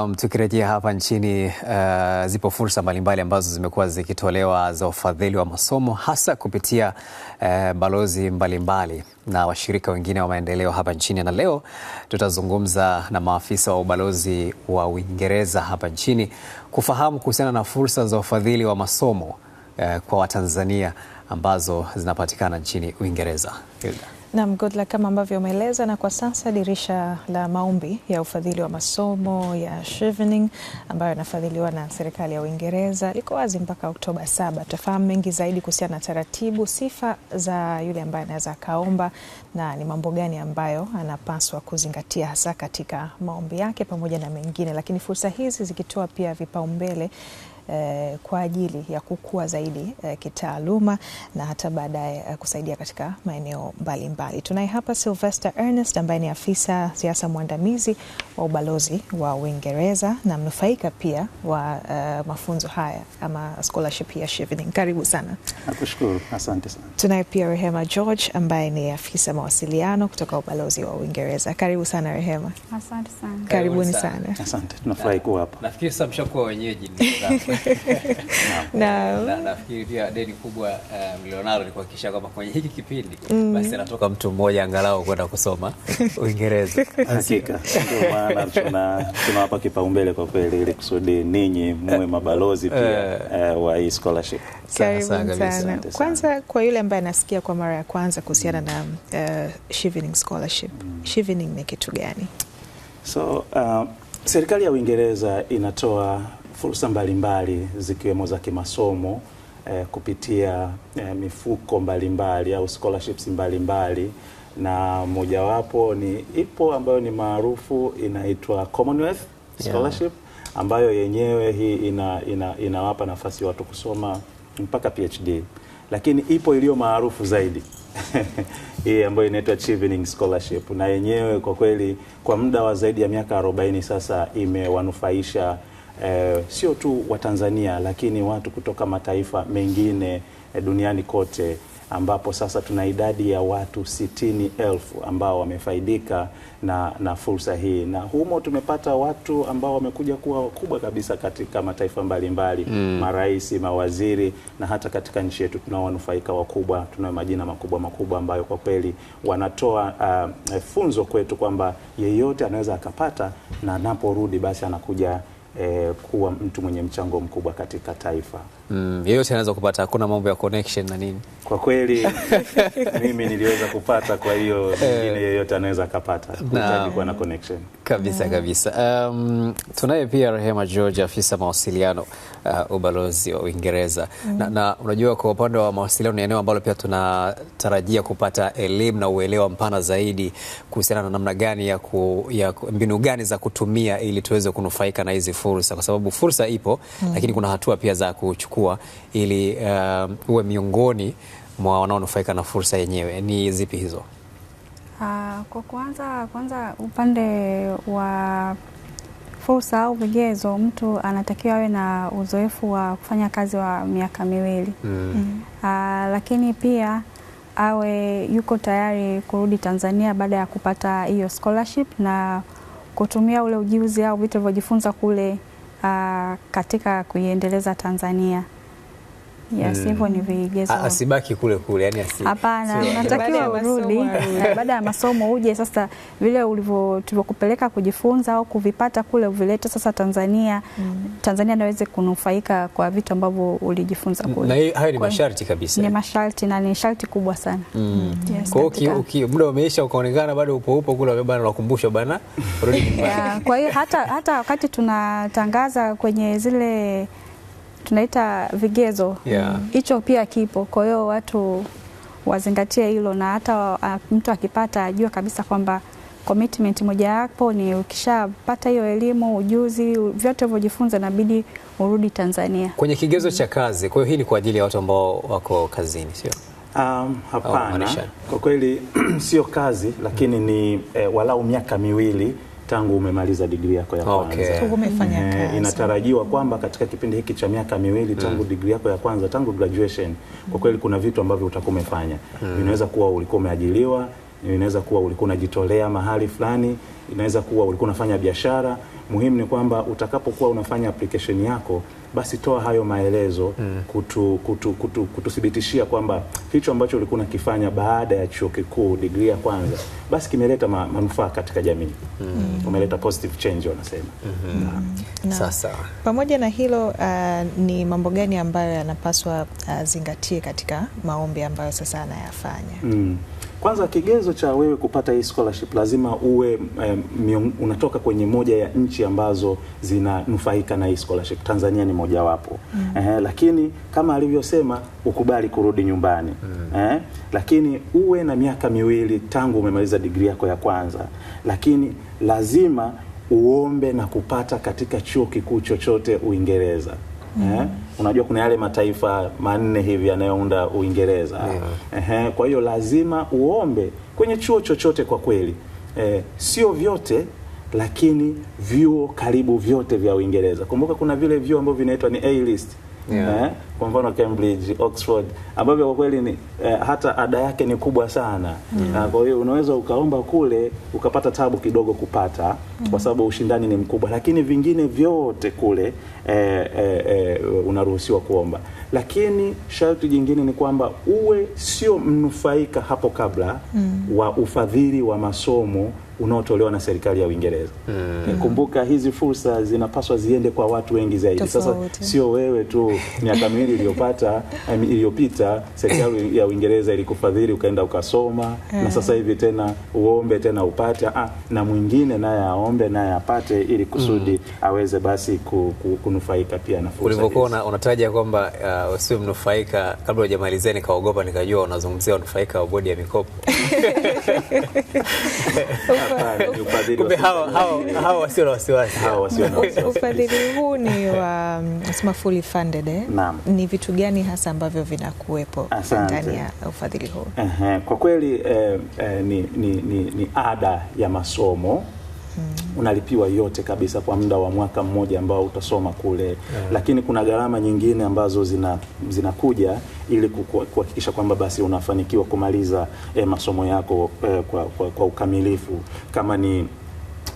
Um, tukirejea hapa nchini uh, zipo fursa mbalimbali ambazo zimekuwa zikitolewa za ufadhili wa masomo hasa kupitia uh, balozi mbalimbali na washirika wengine wa maendeleo hapa nchini, na leo tutazungumza na maafisa wa ubalozi wa Uingereza hapa nchini kufahamu kuhusiana na fursa za ufadhili wa masomo uh, kwa Watanzania ambazo zinapatikana nchini Uingereza. Hilda. Naam, Goodluck, kama ambavyo umeeleza, na kwa sasa dirisha la maombi ya ufadhili wa masomo ya Chevening ambayo inafadhiliwa na serikali ya Uingereza liko wazi mpaka Oktoba saba. Tutafahamu mengi zaidi kuhusiana na taratibu, sifa za yule ambaye anaweza akaomba na ni mambo gani ambayo anapaswa kuzingatia hasa katika maombi yake pamoja na mengine, lakini fursa hizi zikitoa pia vipaumbele Eh, kwa ajili ya kukua zaidi eh, kitaaluma na hata baadaye eh, kusaidia katika maeneo mbalimbali. Tunaye hapa Sylvester Ernest ambaye ni afisa siasa mwandamizi wa ubalozi wa Uingereza na mnufaika pia wa eh, mafunzo haya ama scholarship ya Chevening. Karibu sana. Nakushukuru, asante sana. Tunaye pia Rehema George ambaye ni afisa mawasiliano kutoka ubalozi wa Uingereza. Karibu sana Rehema. Asante sana. Karibuni sana. Asante, tunafurahi kuwa hapa. Nafikiri sasa mshakuwa wenyeji na, na nafikiri pia deni kubwa eh, ni kuhakikisha kwamba kwenye hiki kipindi mm. basi anatoka mtu mmoja angalau kwenda kusoma Uingereza. Hakika ndio maana tuna tunawapa kipaumbele kwa kweli, ili kusudi ninyi muwe eh. mabalozi pia uh, wa hii scholarship. Karibu sana. Kwanza kwa yule ambaye anasikia kwa mara ya kwanza kuhusiana mm. na uh, Chevening scholarship mm. Chevening ni kitu gani? So uh, serikali ya Uingereza inatoa fursa mbalimbali zikiwemo za kimasomo eh, kupitia eh, mifuko mbalimbali au scholarships mbalimbali na mojawapo ni ipo ambayo ni maarufu inaitwa Commonwealth Scholarship yeah. ambayo yenyewe hii ina, ina, inawapa nafasi watu kusoma mpaka PhD, lakini ipo iliyo maarufu zaidi hii ambayo inaitwa Chevening Scholarship, na yenyewe kwa kweli kwa muda wa zaidi ya miaka 40 sasa imewanufaisha eh, sio tu wa Tanzania lakini watu kutoka mataifa mengine eh, duniani kote ambapo sasa tuna idadi ya watu sitini elfu ambao wamefaidika na, na fursa hii, na humo tumepata watu ambao wamekuja kuwa wakubwa kabisa katika mataifa mbalimbali mbali, mm. marais, mawaziri na hata katika nchi yetu tunao wanufaika wakubwa, tunayo majina makubwa makubwa ambayo kwa kweli wanatoa uh, funzo kwetu kwamba yeyote anaweza akapata na anaporudi basi anakuja eh, kuwa mtu mwenye mchango mkubwa katika taifa. Mm, yeyote anaweza kupata, hakuna mambo ya connection na nini. Kwa kweli mimi niliweza kupata, kwa hiyo eh. mwingine yeyote anaweza akapata, kwa na connection kabisa mm. kabisa. Um, tunaye pia Rehema George, afisa mawasiliano uh, ubalozi wa Uingereza mm. na, na unajua kwa upande wa mawasiliano ni eneo ambalo pia tunatarajia kupata elimu na uelewa mpana zaidi kuhusiana na namna gani ya, ku, ya mbinu gani za kutumia ili tuweze kunufaika na hizi fursa, kwa sababu fursa ipo mm. lakini kuna hatua pia za kuchukua ili uh, uwe miongoni mwa wanaonufaika na fursa yenyewe ni zipi hizo? Uh, kwa kwanza kwanza upande wa fursa au vigezo, mtu anatakiwa awe na uzoefu wa kufanya kazi wa miaka miwili mm. Mm. Uh, lakini pia awe yuko tayari kurudi Tanzania baada ya kupata hiyo scholarship na kutumia ule ujuzi au vitu alivyojifunza kule uh, katika kuiendeleza Tanzania. Yes, mm. Hivyo ni vigezo. Asibaki kule kule, yani asibaki. Hapana, natakiwa urudi eh, baada ya masomo uje sasa vile ulivyo tulivyokupeleka kujifunza au kuvipata kule uvilete sasa Tanzania. Mm. Tanzania naweze kunufaika kwa vitu ambavyo ulijifunza kule. Na hayo ni masharti kabisa. Ni masharti na ni sharti kubwa sana. Mm. Yes, hmm. kwa hiyo muda umeisha ukaonekana bado upo upo kule bwana unakumbusha bana. Rudi nyumbani. Kwa hiyo hata hata wakati tunatangaza kwenye zile tunaita vigezo hicho, yeah. pia kipo. Kwa hiyo watu wazingatie hilo, na hata ah, mtu akipata ajue kabisa kwamba commitment moja yapo ni ukishapata hiyo elimu ujuzi vyote ulivyojifunza inabidi urudi Tanzania kwenye kigezo cha kazi. Kwa hiyo hii ni kwa ajili ya watu ambao wako kazini, sio? Um, hapana, kwa kweli sio kazi, lakini ni eh, walau miaka miwili tangu umemaliza digrii yako ya kwanza. Okay. mm. Eh, kazi. Inatarajiwa kwamba katika kipindi hiki cha miaka miwili mm. tangu mm. digrii yako ya kwanza tangu graduation, kwa kweli kuna vitu ambavyo utakuwa umefanya. Mm. Inaweza kuwa ulikuwa umeajiriwa, Inaweza kuwa ulikuwa unajitolea mahali fulani, inaweza kuwa ulikuwa unafanya biashara. Muhimu ni kwamba utakapokuwa unafanya application yako, basi toa hayo maelezo mm. kutu, kutu, kutu, kututhibitishia kwamba hicho ambacho ulikuwa unakifanya baada ya chuo kikuu degree ya kwanza basi kimeleta ma, manufaa katika jamii mm. umeleta positive change wanasema. mm -hmm. Sasa pamoja na hilo uh, ni mambo gani ambayo yanapaswa azingatie uh, katika maombi ambayo sasa anayafanya? mm. Kwanza kigezo cha wewe kupata hii scholarship lazima uwe um, unatoka kwenye moja ya nchi ambazo zinanufaika na hii scholarship. Tanzania ni mojawapo mm. Eh, lakini kama alivyosema ukubali kurudi nyumbani mm. Eh, lakini uwe na miaka miwili tangu umemaliza digrii yako ya kwanza, lakini lazima uombe na kupata katika chuo kikuu chochote Uingereza mm. Eh, unajua kuna yale mataifa manne hivi yanayounda Uingereza yeah. Kwa hiyo lazima uombe kwenye chuo chochote kwa kweli e, sio vyote lakini vyuo karibu vyote vya Uingereza. Kumbuka kuna vile vyuo ambavyo vinaitwa ni A list yeah. eh, kwa mfano Cambridge, Oxford ambavyo kwa kweli ni eh, hata ada yake ni kubwa sana mm. Ah, kwa hiyo unaweza ukaomba kule ukapata tabu kidogo kupata mm. kwa sababu ushindani ni mkubwa, lakini vingine vyote kule eh, eh, eh, unaruhusiwa kuomba, lakini sharti jingine ni kwamba uwe sio mnufaika hapo kabla mm. wa ufadhili wa masomo unaotolewa na serikali ya Uingereza. Mm. Eh, kumbuka hizi fursa zinapaswa ziende kwa watu wengi zaidi. Tofauti. Sasa sio wewe tu miaka miwili iliyopata iliyopita serikali ya Uingereza ilikufadhili ukaenda ukasoma, na eh. sasa hivi tena uombe tena upate. Ah, na mwingine naye aombe naye apate ili kusudi mm. aweze basi ku, ku, kunufaika pia na fursa. Ulivyokuwa unataja kwamba uh, usiwe mnufaika, kabla hujamalizia nikaogopa nikajua unazungumzia wanufaika wa bodi ya mikopo. wasio na wasiwasi. Ufadhili huu ni wa um, fully funded eh? Naam ni vitu gani hasa ambavyo vinakuwepo ndani ya ufadhili huu? -huh. Kwa kweli eh, eh, ni, ni, ni, ni ada ya masomo Hmm. Unalipiwa yote kabisa kwa muda wa mwaka mmoja ambao utasoma kule yeah. Lakini kuna gharama nyingine ambazo zina zinakuja ili kuhakikisha kwamba basi unafanikiwa kumaliza eh, masomo yako eh, kwa, kwa, kwa ukamilifu kama ni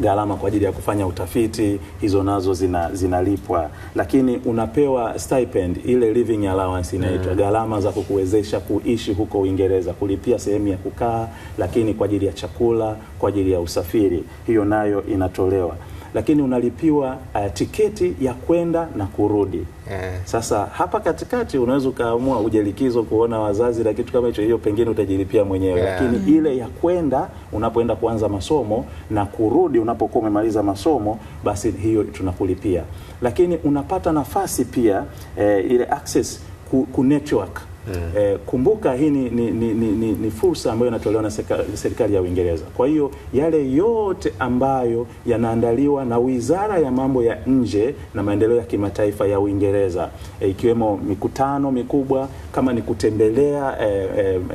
gharama kwa ajili ya kufanya utafiti, hizo nazo zina, zinalipwa, lakini unapewa stipend, ile living allowance inaitwa, mm. gharama za kukuwezesha kuishi huko Uingereza, kulipia sehemu ya kukaa, lakini kwa ajili ya chakula, kwa ajili ya usafiri, hiyo nayo inatolewa lakini unalipiwa uh, tiketi ya kwenda na kurudi yeah. Sasa hapa katikati unaweza ukaamua ujelikizo kuona wazazi na kitu kama hicho, hiyo pengine utajilipia mwenyewe yeah. Lakini ile ya kwenda unapoenda kuanza masomo na kurudi unapokuwa umemaliza masomo, basi hiyo tunakulipia, lakini unapata nafasi pia eh, ile access ku, ku network Mm. E, kumbuka hii ni, ni, ni, ni, ni fursa ambayo inatolewa na serikali ya Uingereza. Kwa hiyo yale yote ambayo yanaandaliwa na Wizara ya Mambo ya Nje na Maendeleo ya Kimataifa ya Uingereza e, ikiwemo mikutano mikubwa kama ni kutembelea e,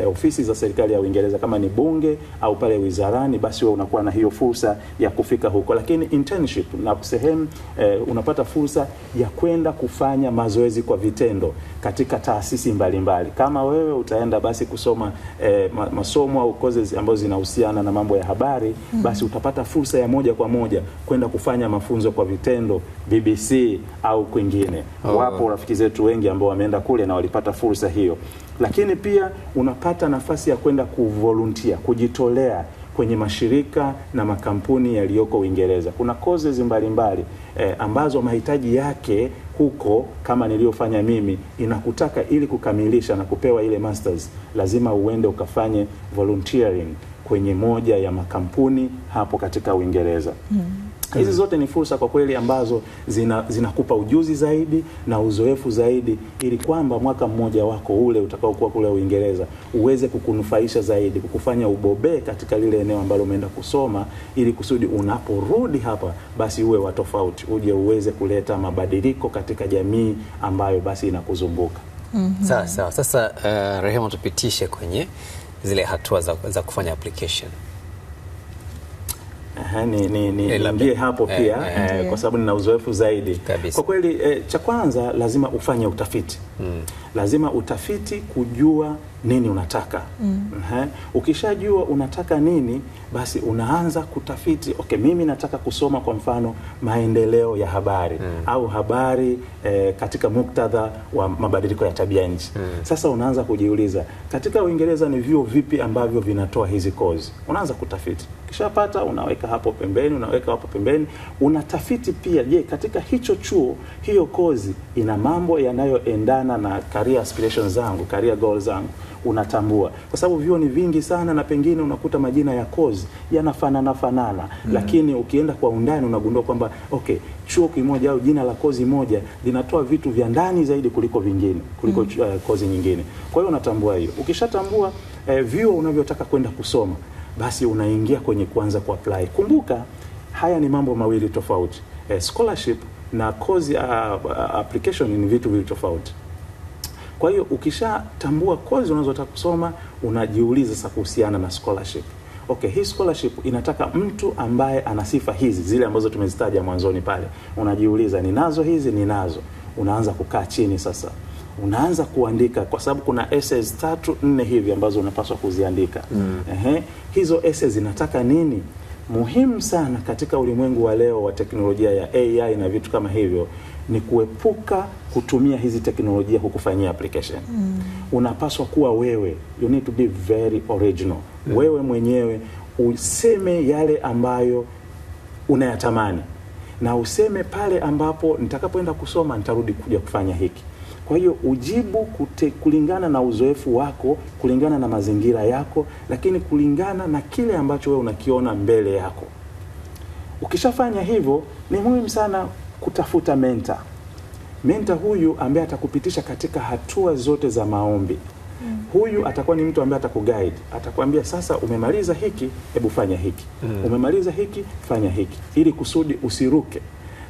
e, ofisi za serikali ya Uingereza kama ni bunge au pale wizarani, basi wewe unakuwa na hiyo fursa ya kufika huko, lakini internship na sehemu e, unapata fursa ya kwenda kufanya mazoezi kwa vitendo katika taasisi mbalimbali mbali mbalimbali. Kama wewe utaenda basi kusoma eh, masomo au courses ambazo zinahusiana na mambo ya habari mm -hmm. basi utapata fursa ya moja kwa moja kwenda kufanya mafunzo kwa vitendo BBC au kwingine. Oh. Wapo rafiki zetu wengi ambao wameenda kule na walipata fursa hiyo, lakini pia unapata nafasi ya kwenda kuvolunteer, kujitolea kwenye mashirika na makampuni yaliyoko Uingereza. Kuna courses mbalimbali eh, ambazo mahitaji yake huko kama niliyofanya mimi, inakutaka ili kukamilisha na kupewa ile masters, lazima uende ukafanye volunteering kwenye moja ya makampuni hapo katika Uingereza. mm. Hizi zote ni fursa kwa kweli ambazo zinakupa zina ujuzi zaidi na uzoefu zaidi, ili kwamba mwaka mmoja wako ule utakaokuwa kule Uingereza uweze kukunufaisha zaidi, kukufanya ubobee katika lile eneo ambalo umeenda kusoma, ili kusudi unaporudi hapa basi uwe wa tofauti, uje uweze kuleta mabadiliko katika jamii ambayo basi inakuzunguka. mm -hmm. Sawa sawa. Sasa uh, Rehema, tupitishe kwenye zile hatua za, za kufanya application. Aha, ni, ni, ni, eh, niingie hapo eh, pia eh, eh, kwa sababu nina uzoefu zaidi kabisa. Kwa kweli eh, cha kwanza lazima ufanye utafiti hmm. Lazima utafiti kujua nini unataka mm. uh -huh. Ukishajua unataka nini, basi unaanza kutafiti, okay, mimi nataka kusoma kwa mfano maendeleo ya habari mm. au habari eh, katika muktadha wa mabadiliko ya tabia nchi mm. Sasa unaanza kujiuliza katika Uingereza ni vyuo vipi ambavyo vinatoa hizi kozi, unaanza kutafiti, ukishapata unaweka hapo pembeni, unaweka hapo pembeni, unatafiti pia, je, katika hicho chuo hiyo kozi ina mambo yanayoendana na career aspirations zangu, career goals zangu unatambua, kwa sababu vyuo ni vingi sana, na pengine unakuta majina ya kozi yanafanana fanana mm. Lakini ukienda kwa undani unagundua kwamba okay, chuo kimoja au jina la kozi moja linatoa vitu vya ndani zaidi kuliko vingine kuliko mm. uh, kozi nyingine. Kwa hiyo unatambua hiyo. Ukishatambua uh, vyuo unavyotaka kwenda kusoma, basi unaingia kwenye kuanza apply. Kumbuka haya ni mambo mawili tofauti uh, scholarship na kozi uh, application ni vitu viwili tofauti. Kwa hiyo ukishatambua kozi unazotaka kusoma, unajiuliza sasa kuhusiana na scholarship. Okay, hii scholarship inataka mtu ambaye ana sifa hizi zile ambazo tumezitaja mwanzoni pale. Unajiuliza, ninazo hizi? Ninazo. Unaanza kukaa chini sasa unaanza kuandika kwa sababu kuna essays tatu nne hivi ambazo unapaswa kuziandika. Mm. Ehe, hizo essays zinataka nini? Muhimu sana katika ulimwengu wa leo wa teknolojia ya AI na vitu kama hivyo ni kuepuka kutumia hizi teknolojia kukufanyia application mm. Unapaswa kuwa wewe, you need to be very original mm. Wewe mwenyewe useme yale ambayo unayatamani na useme pale ambapo nitakapoenda kusoma nitarudi kuja kufanya hiki. Kwa hiyo ujibu kute, kulingana na uzoefu wako, kulingana na mazingira yako, lakini kulingana na kile ambacho wewe unakiona mbele yako. Ukishafanya hivyo, ni muhimu sana kutafuta menta. Menta huyu ambaye atakupitisha katika hatua zote za maombi. Mm. Huyu atakuwa ni mtu ambaye atakuguide, atakwambia sasa, umemaliza hiki, hebu fanya hiki. Mm. Umemaliza hiki, fanya hiki, ili kusudi usiruke.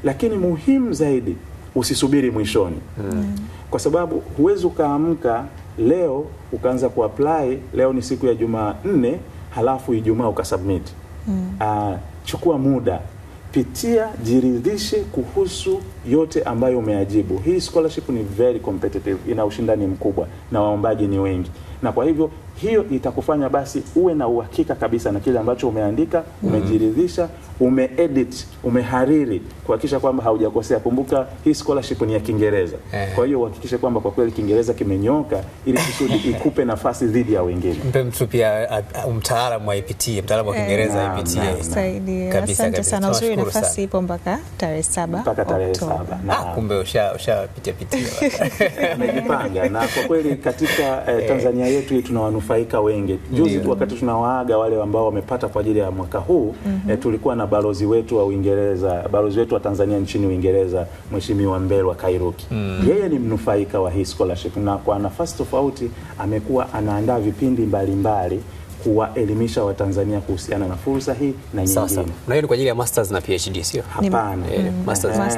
Lakini muhimu zaidi, usisubiri mwishoni. Mm. Kwa sababu huwezi ukaamka leo ukaanza kuapply, leo ni siku ya jumaa nne halafu Ijumaa ukasubmit. Mm. Uh, chukua muda pitia, jiridhishe kuhusu yote ambayo umeajibu Hii scholarship ni very competitive, ina ushindani mkubwa na waombaji ni wengi, na kwa hivyo hiyo itakufanya basi uwe na uhakika kabisa na kile ambacho umeandika, mm-hmm. umejiridhisha umeedit umehariri kuhakikisha kwamba haujakosea. Kumbuka hii scholarship ni ya Kiingereza, yeah. kwa hiyo uhakikishe kwamba kwa kweli Kiingereza kimenyoka ili kusudi ikupe nafasi dhidi ya wengine. Mpe mtu pia mtaalamu aipitie, mtaalamu wa eh. Kiingereza aipitie. Asante sana, uzuri nafasi ipo mpaka tarehe saba mpaka tarehe saba ah, na kumbe usha ushapitia pitia amejipanga na kwa kweli katika eh, eh, Tanzania yetu hii tunawanufaika wengi. Juzi wakati tunawaaga wale ambao wamepata kwa ajili ya mwaka huu mm -hmm. eh, tulikuwa na balozi wetu wa Uingereza, balozi wetu wa Tanzania nchini Uingereza, Mheshimiwa Mbelwa Kairuki mm. Yeye ni mnufaika wa hii scholarship na kwa nafasi tofauti amekuwa anaandaa vipindi mbalimbali mbali, kuwaelimisha Watanzania kuhusiana na fursa hii na nyingine. Na hiyo ni kwa ajili ya masters na PhD sio? Hapana. Eh, mm,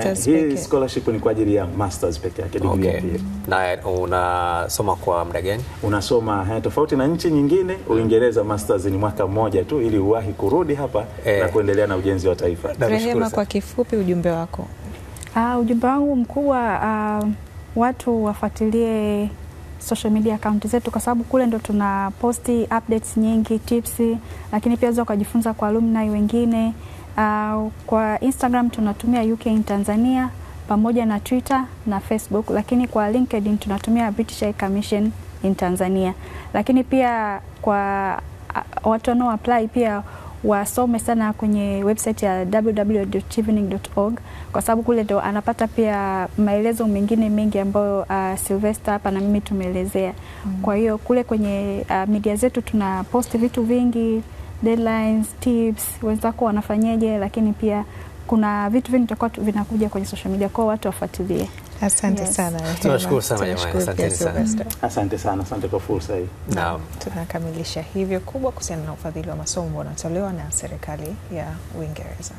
eh, hii scholarship ni kwa ajili ya masters peke yake. Okay. Na unasoma kwa muda gani? Unasoma eh, tofauti na nchi nyingine mm. Uingereza, masters ni mwaka mmoja tu ili uwahi kurudi hapa eh, na kuendelea na ujenzi wa taifa. Rehema, kwa kifupi ujumbe wako. Uh, ujumbe wangu mkubwa uh, watu wafuatilie social media account zetu, kwa sababu kule ndo tuna posti updates nyingi, tips, lakini pia za ukajifunza kwa alumni wengine. Uh, kwa Instagram tunatumia UK in Tanzania pamoja na Twitter na Facebook, lakini kwa LinkedIn tunatumia British High Commission in Tanzania, lakini pia kwa ah, watu wanao apply pia wasome sana kwenye website ya www.evening.org kwa sababu kule ndo anapata pia maelezo mengine mengi ambayo uh, Sylvester hapa na mimi tumeelezea. mm. Kwa hiyo kule kwenye uh, media zetu tuna post vitu vingi, deadlines, tips, wenzako wanafanyaje, lakini pia kuna vitu vingi vitakuwa vinakuja kwenye social media kwa watu wafuatilie. Asante yes. sana. Tunashukuru sana jamani, asante sana. Asante sana, asante kwa fursa hii. Naam. Tunakamilisha hivyo kubwa kuhusiana na ufadhili wa masomo unaotolewa na serikali ya Uingereza.